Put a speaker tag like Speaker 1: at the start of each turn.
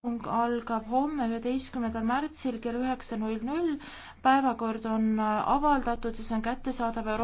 Speaker 1: istung algab homme, üheteistkümnendal märtsil kell üheksa null null. päevakord on äh, avaldatud ja see on kättesaadav Euroopa